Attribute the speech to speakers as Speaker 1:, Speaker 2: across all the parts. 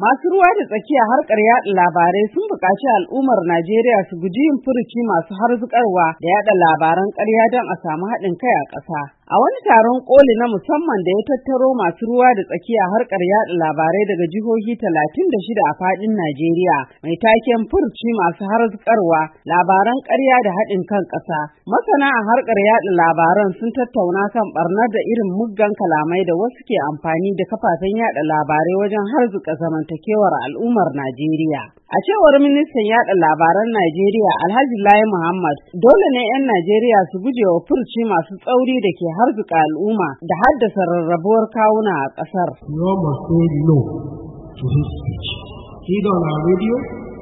Speaker 1: Masu ruwa da tsakiya harkar yaɗa labarai sun buƙaci al'ummar Najeriya su guji yin furuci masu harzukarwa da yaɗa labaran ƙarya don a samu haɗin kai a ƙasa. A wani taron koli na musamman da ya tattaro masu ruwa da tsakiya harkar yaɗa labarai daga jihohi talatin da shida a fadin Najeriya mai taken furci masu harzikarwa labaran ƙarya da haɗin kan ƙasa. Masana a harkar yada labaran sun tattauna kan barnar da irin muggan kalamai da wasu ke amfani da kafafen yaɗa labarai wajen harzuka zamantakewar al'ummar Najeriya. A cewar ministan yada labaran Najeriya Alhaji Lai Muhammad, dole ne 'yan Najeriya su guje wa furci masu tsauri da ke harzuka al'umma da haddasa rarrabuwar kawuna a ƙasar.
Speaker 2: No must say no to speech, either on our radio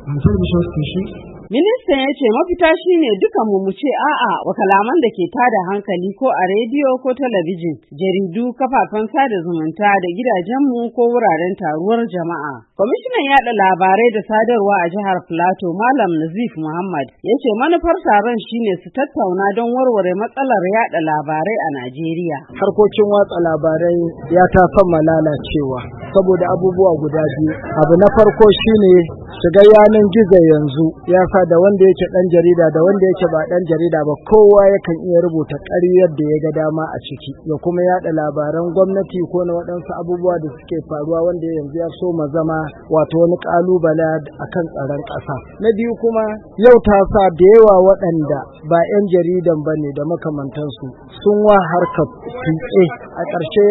Speaker 2: and television stations
Speaker 1: Ministan ya ce mafita shine dukan mu ce a'a wa kalaman da ke tada hankali ko a rediyo ko talabijin, jaridu, kafafen sada zumunta da gidajenmu ko wuraren taruwar jama'a. Kwamishinan yaɗa labarai da sadarwa a jihar Filato Malam Nazif Muhammad ya ce manufar taron shine su tattauna don warware matsalar yaɗa labarai a Najeriya.
Speaker 2: Harkokin watsa labarai ya ta lalacewa. saboda abubuwa guda biyu abu na farko shine shiga yanan gizo yanzu ya sa da wanda yake dan jarida da wanda yake ba dan jarida ba kowa yakan iya rubuta ƙaryar da ya ga dama a ciki ya kuma yada labaran gwamnati ko na waɗansu abubuwa da suke faruwa wanda yanzu ya so ma zama wato wani ƙalubala akan tsaron ƙasa na biyu kuma yau ta sa da yawa waɗanda ba 'yan jaridan ba ne da makamantansu sun wa harkar tuƙe a ƙarshe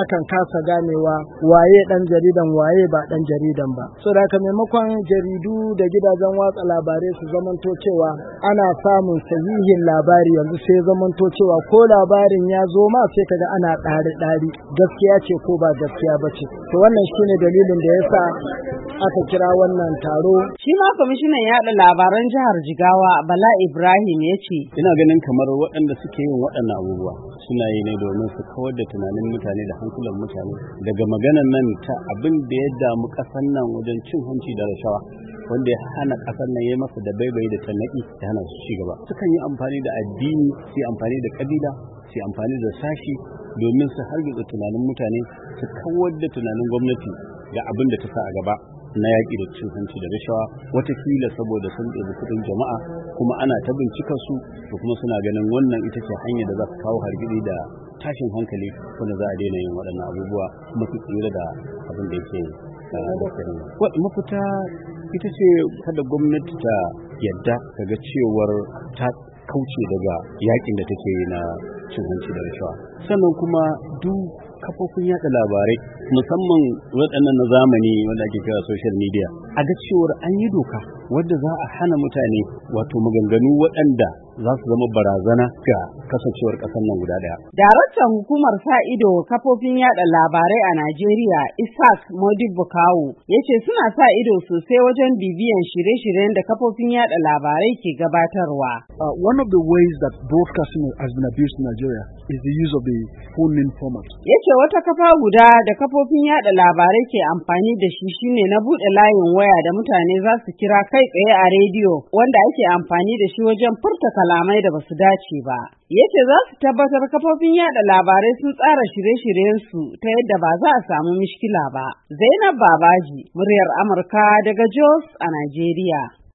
Speaker 2: akan kasa ganewa waye ɗan jaridan waye ba ɗan jaridan ba so da haka maimakon jaridu da gidajen watsa labarai su zamanto cewa ana samun sahihin labari yanzu sai zamanto cewa ko labarin ya zo ma sai kaga ana ɗari ɗari gaskiya ce ko ba gaskiya ba ce to wannan shine dalilin da ya sa
Speaker 1: aka kira wannan taro shi ma kwamishinan yaɗa labaran jihar jigawa
Speaker 3: bala ibrahim ya ce ina ganin kamar waɗanda suke yin waɗannan abubuwa suna yi ne domin su kawar da tunanin mutane da hankulan mutane daga maganan nan ta abin da ya damu kasan nan wajen cin hanci da rashawa wanda ya hana kasan nan ya masa da bai da tannaki ya hana su ci gaba sukan yi amfani da addini su amfani da kabila su amfani da sashi domin su hargitsa tunanin mutane su kawar da tunanin gwamnati ga abin da ta sa a gaba na yaƙi da cin hanci da rashawa watakila saboda sun ɗebi kuɗin jama'a kuma ana ta bincika su to kuma suna ganin wannan ita ce hanyar da za su kawo hargitsi da tashin hankali wanda za a daina yin waɗannan abubuwa kuma tsira da abin da yake eh, mafita ita ce kada gwamnati ta yadda ta cewar ta kauce daga yakin da take yi na cin hanci da rashawa sannan kuma duk kafofin yada labarai musamman waɗannan na zamani wanda ake kira social media a ga cewar an yi doka wadda za a hana mutane wato maganganu waɗanda za su zama barazana ga kasancewar ƙasar nan guda ɗaya. Daraktan
Speaker 1: hukumar sa ido kafofin yada labarai a Najeriya Isaac Modibo Kawo ya ce suna sa ido sosai wajen bibiyan shirye-shiryen da kafofin yada labarai ke
Speaker 3: gabatarwa. Uh, one of the ways that broadcasting has been abused in Nigeria is the use of the phone in format.
Speaker 1: Ya wata kafa guda da kafofin kafofin yada labarai ke amfani da shi shine na buɗe layin waya da mutane za su kira kai tsaye a rediyo wanda ake amfani da shi wajen furta kalamai da basu dace ba. Yace za su tabbatar kafofin yada labarai sun tsara shirye shiryen su ta yadda ba za a samu mishkila ba. Zainab Babaji, muryar Amurka daga Jos a Najeriya.